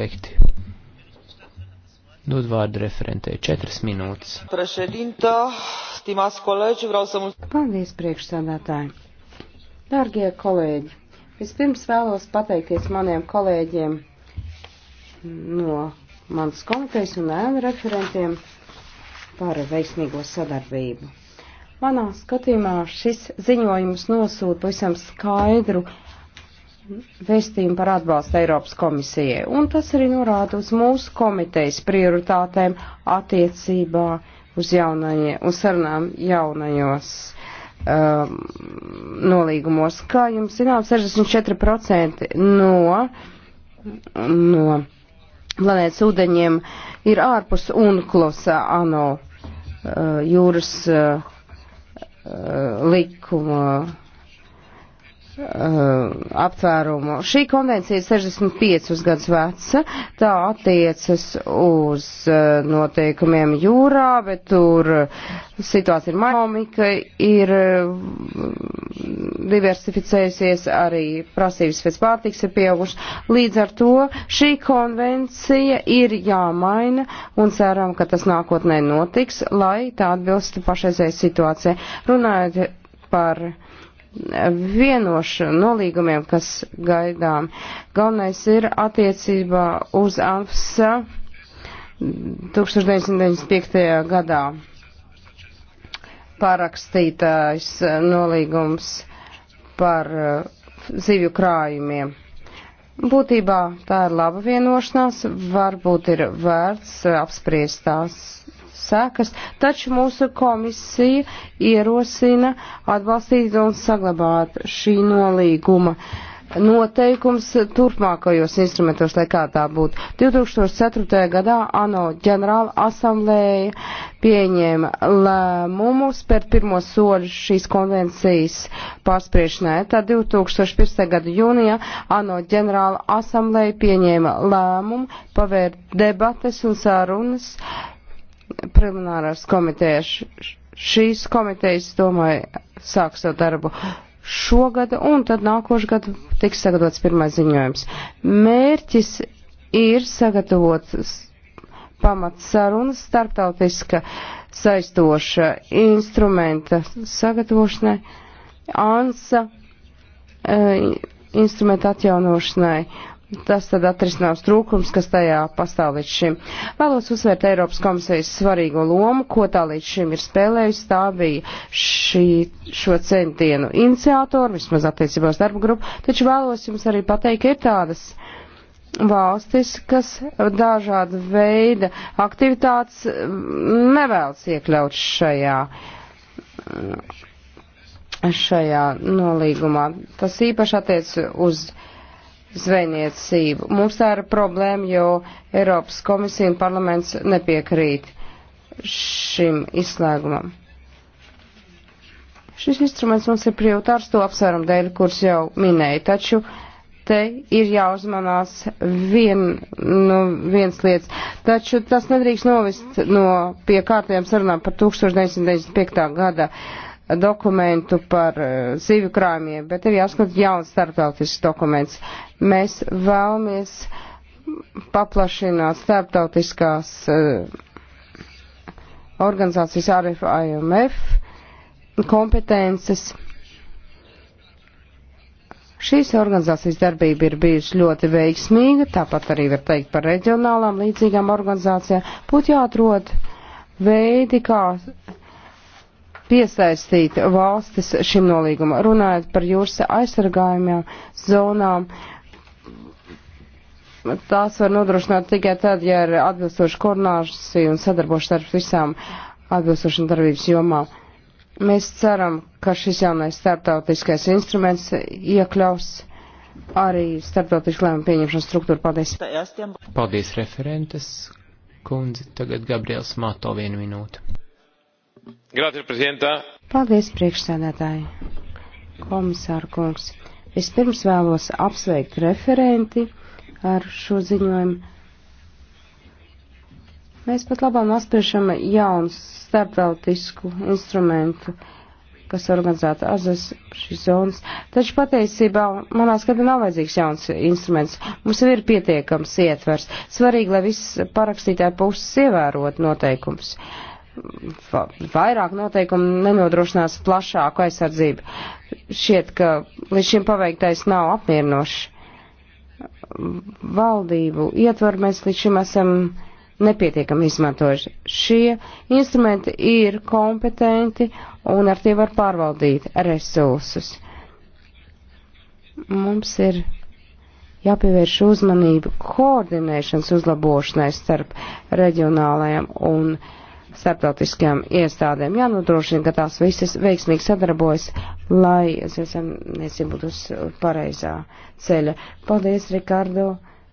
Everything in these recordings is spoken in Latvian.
aspekti. Dod vārdu referentei. Četras minūtes. Președintă, stimați colegi, vreau să mulțumesc. Paldies, priekšsādātāji. Dārgie kolēģi, vispirms vēlos pateikties maniem kolēģiem no manas komitejas un ēnu referentiem par veiksmīgo sadarbību. Manā skatījumā šis ziņojums nosūta pavisam skaidru vēstījumu par atbalstu Eiropas komisijai, un tas arī norāda uz mūsu komitejas prioritātēm attiecībā uz, jaunajie, uz sarunām jaunajos um, nolīgumos. Kā jums zinām, 64% no, no planētas ūdeņiem ir ārpus UNCLOSA ANO uh, jūras uh, uh likuma Uh, aptvērumu. Šī konvencija ir 65 gadus veca, tā attiecas uz uh, noteikumiem jūrā, bet tur uh, situācija ir manomika, ir diversificējusies, arī prasības pēc pārtiks ir pieaugušas. Līdz ar to šī konvencija ir jāmaina un ceram, ka tas nākotnē notiks, lai tā atbilstu pašreizējai situācijai. Runājot par vienošu nolīgumiem, kas gaidām. Galvenais ir attiecībā uz AMSA 1995. gadā parakstītājs nolīgums par eh, zivju krājumiem. Būtībā tā ir laba vienošanās, varbūt ir vērts eh, apspriest tās sekas, taču mūsu komisija ierosina atbalstīt un saglabāt šī nolīguma noteikums turpmākajos instrumentos, lai kā tā būtu. 2004. gadā ANO ģenerāla asamblēja pieņēma lēmumu spērt pirmo soļu šīs konvencijas pārspriešanai. Tad 2005. gada jūnijā ANO ģenerāla asamblēja pieņēma lēmumu pavērt debates un sarunas preliminārās komitejas. Šīs komitejas, domāju, sāks savu darbu šogad, un tad nākošu gadu tiks sagatavots pirmais ziņojums. Mērķis ir sagatavot pamats sarunas starptautiska saistoša instrumenta sagatavošanai, ANSA e, instrumenta atjaunošanai Tas tad atrisinās trūkums, kas tajā pastāv līdz šim. Vēlos uzsvērt Eiropas komisijas svarīgo lomu, ko tā līdz šim ir spēlējusi. Tā bija šī, šo centienu iniciātori, vismaz attiecībās darba grupu, taču vēlos jums arī pateikt, ka ir tādas valstis, kas dažāda veida aktivitātes nevēlas iekļaut šajā šajā nolīgumā. Tas īpaši attiec uz uh, zvejniecību. Mums tā ir problēma, jo Eiropas komisija un parlaments nepiekrīt šim izslēgumam. Šis instruments mums ir prioritārs to apsvērumu dēļ, kurus jau minēju, taču te ir jāuzmanās vien, nu, viens lietas. Taču tas nedrīkst novist no pie kārtējām sarunām par 1995. gada dokumentu par eh, zivju krājumiem, bet ir jāskat jauns starptautisks dokuments. Mēs vēlamies paplašināt starptautiskās eh, organizācijas RFIMF kompetences. Šīs organizācijas darbība ir bijusi ļoti veiksmīga, tāpat arī var teikt par reģionālām līdzīgām organizācijām. Būtu jāatrod veidi, kā piesaistīt valstis šim nolīgumam. Runājot par jūras aizsargājumiem zonām, tās var nodrošināt tikai tad, ja ir atbilstoši koordinācija un sadarbošana starp visām atbilstošām darbības jomām. Mēs ceram, ka šis jaunais starptautiskais instruments iekļaus arī starptautisku lēmumu pieņemšanas struktūru. Paldies. Paldies referentes kundzi. Tagad Gabriels Mato vienu minūtu. Grāties, prezidentā. Paldies, priekšsēdētāji. Komisāra kungs. Vispirms vēlos apsveikt referenti ar šo ziņojumu. Mēs pat labāk apspriešam jaunu starptautisku instrumentu, kas organizēta azas šīs zonas. Taču patiesībā manā skatījumā nav vajadzīgs jauns instruments. Mums jau ir pietiekams ietvers. Svarīgi, lai viss parakstītāja puses ievērot noteikums. Uh, vairāk noteikumu nenodrošinās plašāku aizsardzību. Šiet, ka līdz šim paveiktais nav apmierinošs. Valdību ietvaru mēs līdz šim esam nepietiekami izmantojuši. Šie instrumenti ir kompetenti un ar tie var pārvaldīt resursus. Mums ir jāpievērš uzmanību koordinēšanas uzlabošanai starp reģionālajiem un uh, starptautiskajām iestādēm. Jānodrošina, ka tās visas veiksmīgi sadarbojas, lai zivsaimniecība būtu uz pareizā ceļa. Paldies, Rikārdo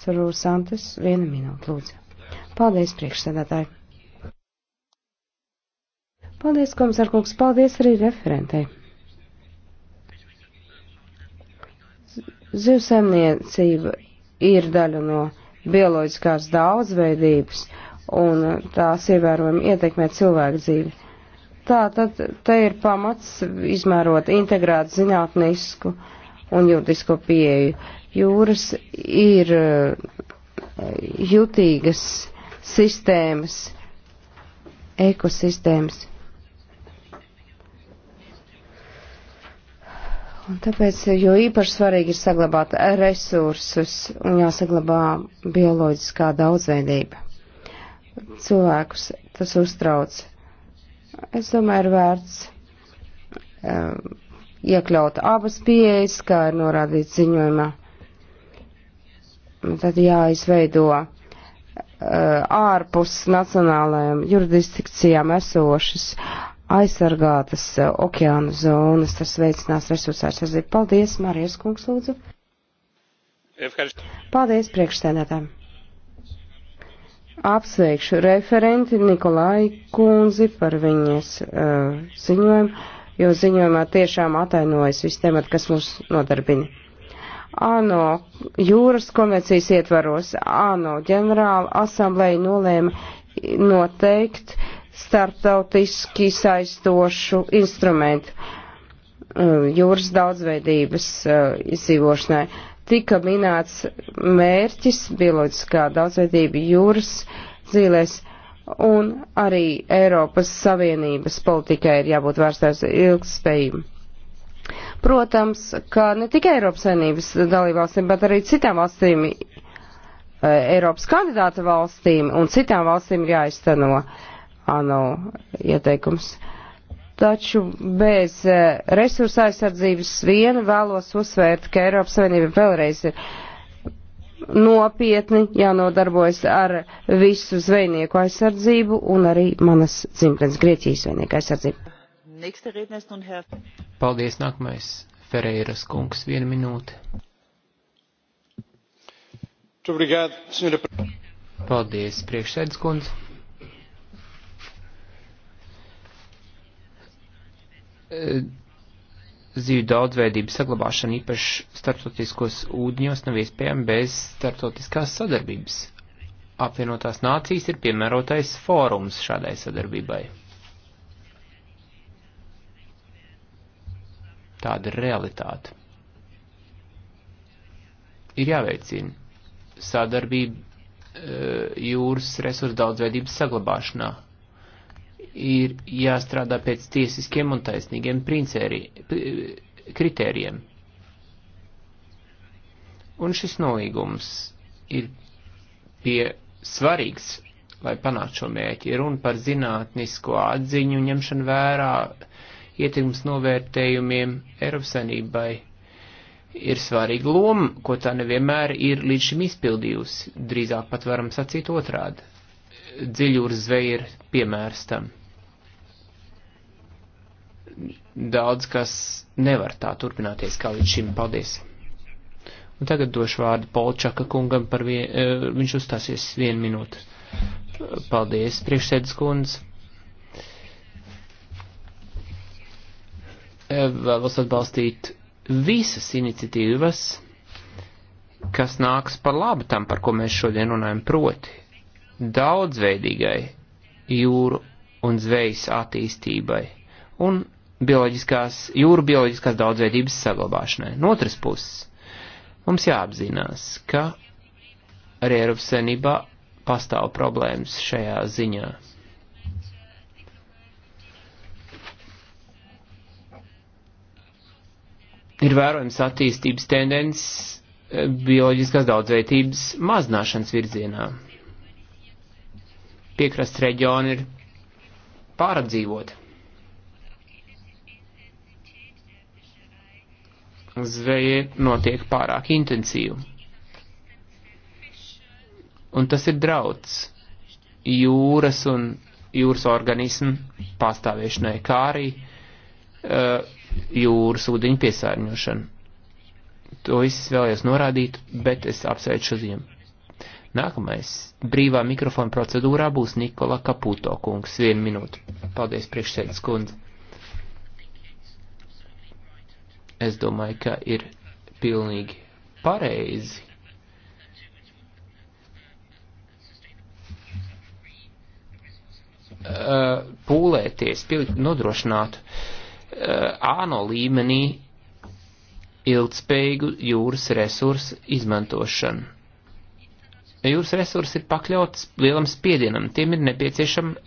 Ceru Santus. Viena minūte, lūdzu. Paldies, priekšsēdētāji. Paldies, komisārkungs. Paldies arī referentei. Zivsaimniecība ir daļa no bioloģiskās daudzveidības un tās ievērojami ietekmē cilvēku dzīvi. Tā tad te ir pamats izmērot integrētu zinātnisku un juridisko pieeju. Jūras ir eh, jutīgas sistēmas, ekosistēmas. Un tāpēc, jo īpaši svarīgi ir saglabāt resursus un jāsaglabā bioloģiskā daudzveidība cilvēkus tas uztrauc. Es domāju, ir vērts um, iekļaut abas pieejas, kā ir norādīts ziņojumā. Tad jāizveido uh, ārpus nacionālajām jurisdikcijām esošas aizsargātas uh, okeāna zonas, tas veicinās resursu aizsardzību. Paldies, Marijas kungs, lūdzu. Paldies priekšsēdētājiem apsveikšu referenti Nikolai Kunzi par viņas uh, ziņojumu, jo ziņojumā tiešām atainojas viss temats, kas mūs nodarbina. ANO jūras konvencijas ietvaros ANO ģenerāla asambleja nolēma noteikt starptautiski saistošu instrumentu uh, jūras daudzveidības uh, izdzīvošanai tika minēts mērķis bioloģiskā daudzveidība jūras dzīvēs, un arī Eiropas Savienības politikai ir jābūt vērstai uz ilgspējību. Protams, ka ne tikai Eiropas Savienības dalībvalstīm, bet arī citām valstīm, eh, Eiropas kandidāta valstīm un citām valstīm ir jāizteno ANO ieteikums. Uh, Taču bez eh, resursa aizsardzības viena vēlos uzsvērt, ka Eiropas Savienība vēlreiz ir nopietni jānodarbojas ar visu zvejnieku aizsardzību un arī manas dzimtenes Grieķijas zvejnieku aizsardzību. Paldies, nākamais Ferreiras kungs, viena minūte. Paldies, priekšsēdus kundze. Eh, Zīvu daudzveidību saglabāšana īpaši starptautiskos ūdņos nav iespējama bez starptautiskās sadarbības. Apvienotās nācijas ir piemērotais fórums šādai sadarbībai. Tāda ir realitāte. Ir jāveicina sadarbība eh, jūras resursu daudzveidības saglabāšanā ir jāstrādā pēc tiesiskiem un taisnīgiem princēri, kritērijiem. Un šis nolīgums ir pie svarīgs, lai panāktu šo mērķi. Ir runa par zinātnisko atziņu, ņemšanu vērā, ietekmes novērtējumiem Eiropas Sanībai. Ir svarīga loma, ko tā nevienmēr ir līdz šim izpildījusi. Drīzāk pat varam sacīt otrādi. Dziļūras zveja ir piemērs tam daudz kas nevar tā turpināties kā līdz šim. Paldies! Un tagad došu vārdu Polčaka kungam par vien, eh, viņš uzstāsies vienu minūtu. Paldies, priekšsēdus kundz. Eh, vēlos atbalstīt visas iniciatīvas, kas nāks par labu tam, par ko mēs šodien runājam, proti daudzveidīgai jūru un zvejas attīstībai un bioloģiskās, jūru bioloģiskās daudzveidības saglabāšanai. No otras puses, mums jāapzinās, ka arī Eiropas senībā pastāv problēmas šajā ziņā. Ir vērojams attīstības tendences eh, bioloģiskās daudzveidības mazināšanas virzienā. Piekrasts reģioni ir pārapdzīvoti. zveja notiek pārāk intensīvi. Un tas ir drauds jūras un jūras organismu pastāvēšanai, kā arī uh, jūras ūdeņu piesārņošanu. To viss vēlējos norādīt, bet es apsveicu šo ziemu. Nākamais brīvā mikrofona procedūrā būs Nikola Kaputo kungs. Vienu minūtu. Paldies, priekšsēdus kundze. Es domāju, ka ir pilnīgi pareizi. Uh, pūlēties, nodrošināt uh, āno līmenī ilgspējīgu jūras resursu izmantošanu. Jūras resursi ir pakļauts lielam spiedienam, tiem ir nepieciešama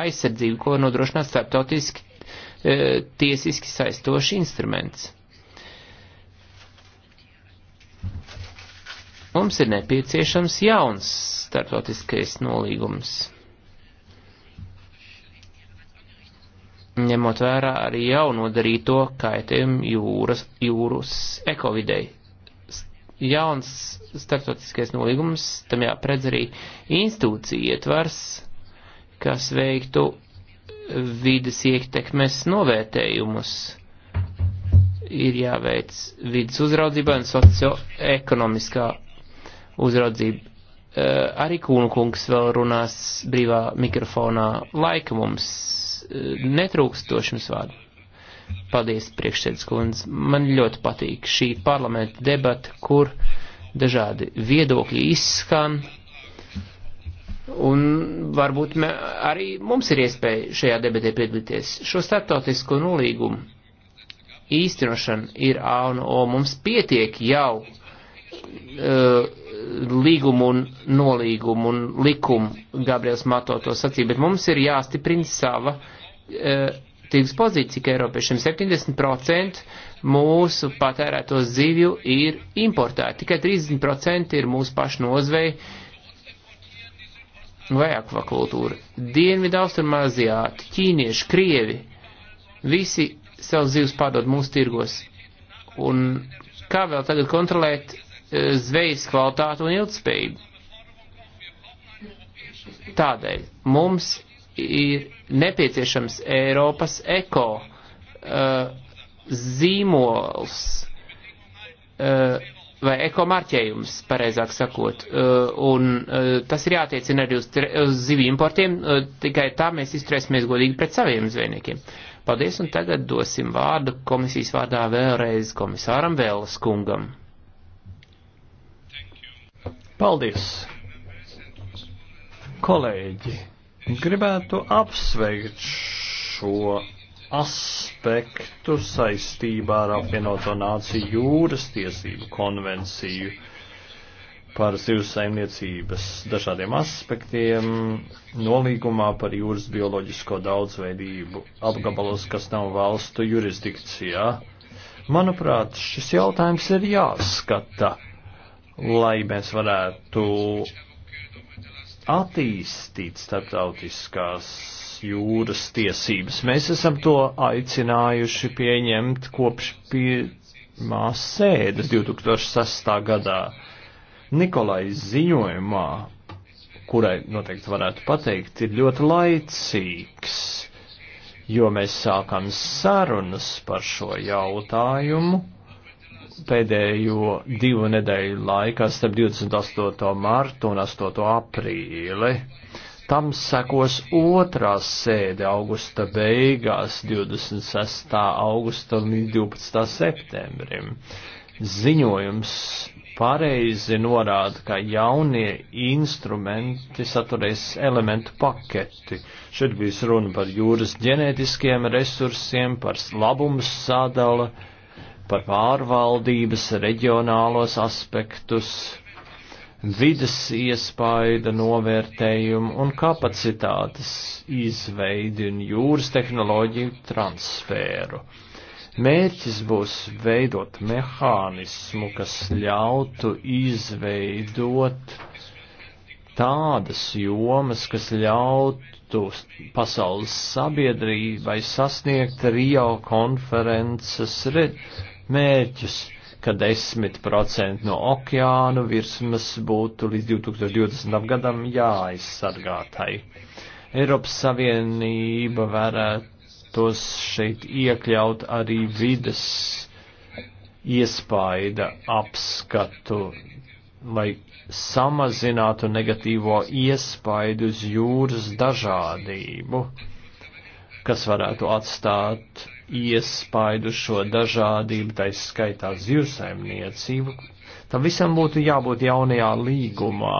aizsardzība, ko nodrošinās starptautiski e, tiesiski saistoši instruments. Mums ir nepieciešams jauns startotiskais nolīgums. ņemot vērā arī jau nodarīto kaitējumu jūras, jūras ekovidei. Jauns startotiskais nolīgums, tam jāpredz arī institūcija ietvars, kas veiktu vidas iektekmes novērtējumus. Ir jāveic vidas uzraudzībā un socioekonomiskā uzraudzību. Eh, arī Kūnu kungs vēl runās brīvā mikrofonā. Laika mums eh, netrūkst došanas vārdu. Paldies, priekšsēdus kundze. Man ļoti patīk šī parlamenta debata, kur dažādi viedokļi izskan. Un varbūt mē, arī mums ir iespēja šajā debatē piedalīties. Šo starptautisko nolīgumu īstenošana ir A un O. Mums pietiek jau. Uh, līgumu un nolīgumu un likumu, Gabriels Mato to sacīja, bet mums ir jāstiprina sava e, tirgus pozīcija, ka Eiropiešiem 70% mūsu patērēto zivju ir importēti, tikai 30% ir mūsu pašu nozvei vai akvakultūra. Dienvidu austrumāzijāti, ķīnieši, krievi, visi savus zivs pārdod mūsu tirgos. Un kā vēl tagad kontrolēt zvejas kvalitāti un ilgspējību. Tādēļ mums ir nepieciešams Eiropas eko uh, zīmols uh, vai eko marķējums, pareizāk sakot. Uh, un uh, tas ir jātiecina arī uz, uz zivju importiem, uh, tikai tā mēs izturēsimies godīgi pret saviem zvejniekiem. Paldies, un tagad dosim vārdu komisijas vārdā vēlreiz komisāram Vēlas kungam. Paldies! Kolēģi, gribētu apsveikt šo aspektu saistībā ar apvienoto nāciju jūras tiesību konvenciju par zivs saimniecības dažādiem aspektiem nolīgumā par jūras bioloģisko daudzveidību apgabalos, kas nav valstu jurisdikcijā. Manuprāt, šis jautājums ir jāskata lai mēs varētu attīstīt starptautiskās jūras tiesības. Mēs esam to aicinājuši pieņemt kopš pirmās sēdes 2006. gadā. Nikolai ziņojumā, kurai noteikti varētu pateikt, ir ļoti laicīgs, jo mēs sākam sarunas par šo jautājumu pēdējo divu nedēļu laikā starp 28. martu un 8. aprīli. Tam sekos otrā sēde augusta beigās, 26. augusta līdz 12. septembrim. Ziņojums pareizi norāda, ka jaunie instrumenti saturēs elementu paketi. Šeit bija runa par jūras ģenētiskiem resursiem, par labumu sadala par pārvaldības reģionālos aspektus, vidas iespaida novērtējumu un kapacitātes izveidi un jūras tehnoloģiju transferu. Mērķis būs veidot mehānismu, kas ļautu izveidot tādas jomas, kas ļautu pasaules sabiedrībai sasniegt Rio konferences mērķus, ka 10% no okeānu virsmas būtu līdz 2020. gadam jāaizsargātai. Eiropas Savienība varētos šeit iekļaut arī vides iespaida apskatu, lai samazinātu negatīvo iespaidu uz jūras dažādību, kas varētu atstāt iespaidu šo dažādību, tai skaitā zivsaimniecību. Tam visam būtu jābūt jaunajā līgumā,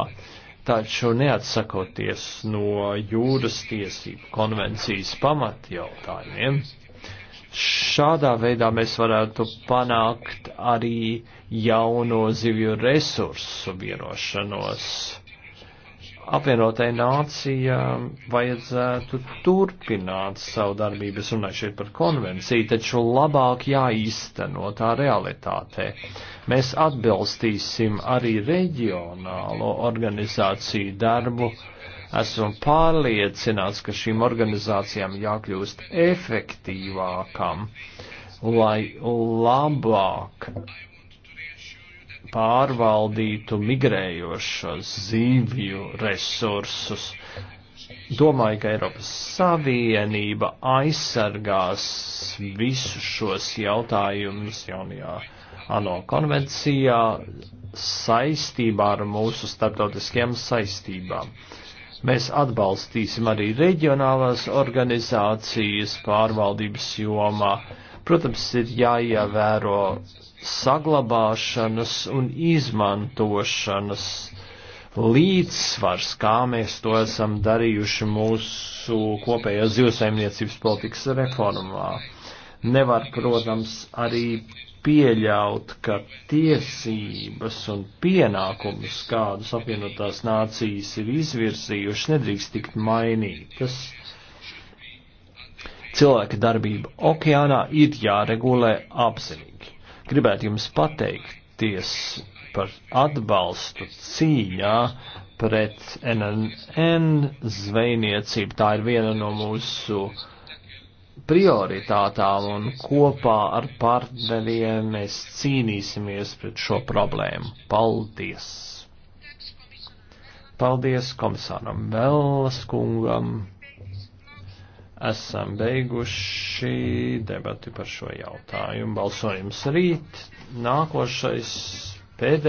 taču neatsakoties no jūras tiesību konvencijas pamatjautājumiem. Šādā veidā mēs varētu panākt arī jauno zivju resursu vienošanos apvienotai nācija vajadzētu turpināt savu darbību, es runāju šeit par konvenciju, taču labāk jāīsteno tā realitātē. Mēs atbalstīsim arī reģionālo organizāciju darbu. Esmu pārliecināts, ka šīm organizācijām jākļūst efektīvākam, lai labāk pārvaldītu migrējošos zīvju resursus. Domāju, ka Eiropas Savienība aizsargās visus šos jautājumus jaunajā ANO konvencijā saistībā ar mūsu starptautiskajām saistībām. Mēs atbalstīsim arī reģionālās organizācijas pārvaldības jomā Protams, ir jāievēro saglabāšanas un izmantošanas līdzsvars, kā mēs to esam darījuši mūsu kopējās zivsaimniecības politikas reformā. Nevar, protams, arī pieļaut, ka tiesības un pienākumus, kādus apvienotās nācijas ir izvirsījuši, nedrīkst tikt mainītas. Tas cilvēka darbība okeānā ir jāregulē apzinīgi. Gribētu jums pateikties par atbalstu cīņā pret NNN zvejniecību. Tā ir viena no mūsu prioritātām un kopā ar partneriem mēs cīnīsimies pret šo problēmu. Paldies! Paldies komisāram Vēlas kungam! Esam beiguši debati par šo jautājumu. Balsojums rīt. Nākošais pēdējais.